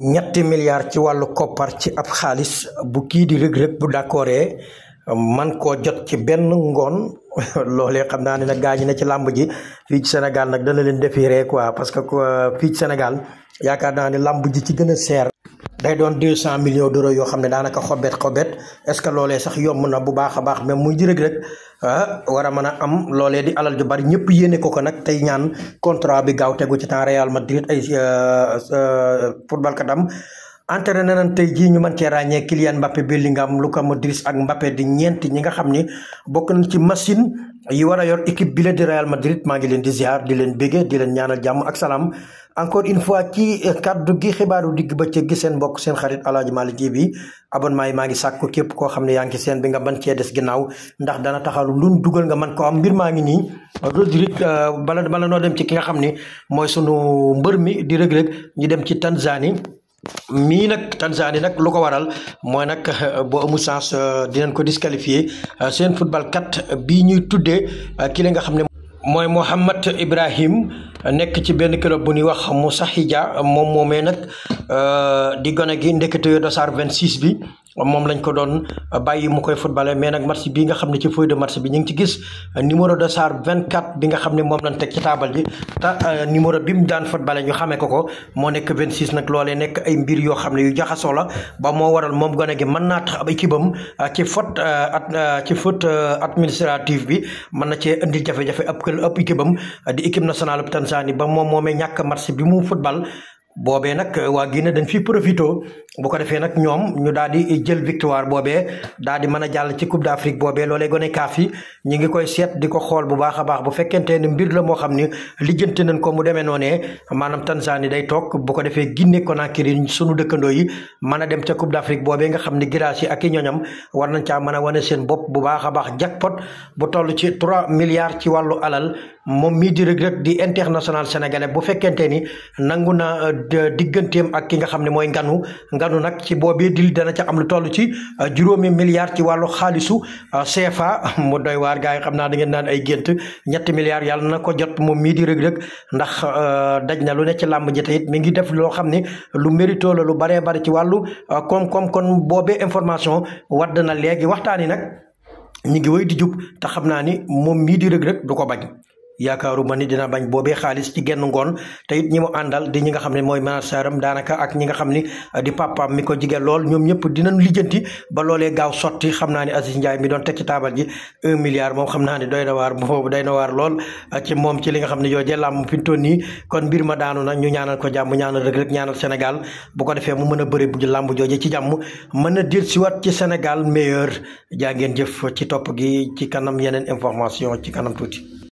ñetti milliards ci wàllu koppar ci ab xaalis bu kii di rëg-rëg bu d'accordee man koo jot ci benn ngoon loolee xam naa ne nag gaañu na ci làmb ji fii ci Sénégal nag dana leen defiree koi parce que fii ci Sénégal yaakaar naa ne làmb ji ci gën a seer day doon deux cent millions d'euros yoo xam ne daanaka xobet xobet est-ce que loolee sax yomb na bu baax a baax même muy jërëg rek ah war a mën a am loole di alal ju bari ñëpp yéene ko ko nag tey ñaan contrat bi gaaw tegu ci temps Real Madrid ay euh, euh, football katam entraîné nañ tey jii ñu mën cee ràññee Kylian Mbappé lu Luka Modric ak Mbappé di ñeenti ñi nga xam ni bokk nañ ci machine yi war a yor équipe bi la di Real Madrid maa ngi leen di ziar di leen bége di leen ñaanal jàmm ak salaam encore une fois ci kaddu gi xibaaru digg bëccëg gi seen mbokk seen xarit Aladji Malick TV abonnement yi maa ngi sàkku képp koo xam ne yaa ngi seen bi nga ban cee des ginnaaw ndax dana taxalu luñ dugal nga mën ko am mbir maa ngi nii Rodrigue euh, bala bala noo dem ci ki nga xam ne mooy sunu mbër mi di Reug Reug ñu dem ci Tanzanie mii nag Tanzanie nag lu ko waral mooy nag euh, boo amul chance euh, dinañ ko disqualifier seen football kat bii ñuy tudde ki nga xam ne mooy Mohamed Ibrahim nekk ci benn kilo bu ñuy wax mu Moussa ja moom moomee nag euh, di gone gi ndekete dossard 26 bi moom lañ ko doon bàyyi mu koy footballé mais nag match bii nga xam ne ci feuille de match bi ñu ngi ci gis numéro de Sarr 24 bi nga xam ne moom lañ teg ci taabal ji te euh, numéro bi mu daan footballé ñu xamee ko ko moo nekk 26 nag loolee nekk ay mbir yoo xam ne yu jaxasoo la ba moo waral moom gone gi mën naa tax ab équipe am euh, ci faute euh, at ci faute administrative bi mën na cee indi jafe-jafe ab kël ab équipe am di équipe nationale bu Tanzanie ba moom moomee ñàkk match bi mu football boobee nag eh, waa Guinée dañ fi profito bu ko defee nag ñoom ñu daal di jël victoire boobee daal di mën a jàll ci coupe d'Afrique boobee loolee gone kaaf yi ñu ngi koy seet di ko xool bu baax a baax bu fekkente ne mbir la moo xam ni lijjanti nañ ko mu demee noonee maanaam Tanzanie day toog bu ko defee Guinée Conakry sunu dëkkandoo yi mën a dem ca coupe d'Afrique boobee nga xam ni giraas yi ak i ñoñam war nañ caa mën a wane seen bopp bu baax a baax pot bu toll ci 3 milliards ci wàllu alal moom mii di Reug Reug di international sénégalais bu fekkente ni nangu na euh, euh, digganteem ak ki nga xam ne mooy nganu nganu nag ci boo boobee dil dana ca am lu toll ci euh, juróomi milliards ci wàllu xaalisu CFA mu doy waar gaa yi xam naa da ngeen naan ay gént ñetti milliards yàlla na ko jot moom mii di Reug Reug ndax daj na lu ne ci làmb ji mi ngi def loo xam ne lu mérito la lu baree bari ci wàllu koom-koom kon boobee information wadd na léegi waxtaan yi nag ñu ngi wéy di jub ta xam naa ni moom mii di Reug rek du ko bañ yaakaaruma ni dina bañ boobee xaalis ci genn ngoon te it ñi mu àndal di ñi nga xam ne mooy manasaram daanaka ak ñi nga xam ni uh, di papaam mi ko jige lool ñoom ñëpp dinañ lijjanti ba loolee gaaw sotti xam naa ni Aziz Ndiaye mi doon teg ci taabal ji un milliard moom xam naa ni doy na waar boobu doy na waar lool uh, ci moom ci li nga xam ne yoojee làmm fintoon nii kon mbir ma daanu na ñu ñaanal ko jàmm ñaanal rek rek ñaanal Sénégal bu ko defee mu mën a bëri bu làmb jooje ci jàmm mën a dir si ci Sénégal meilleur jaa ngeen jëf ci topp gi ci kanam yeneen information ci kanam tuuti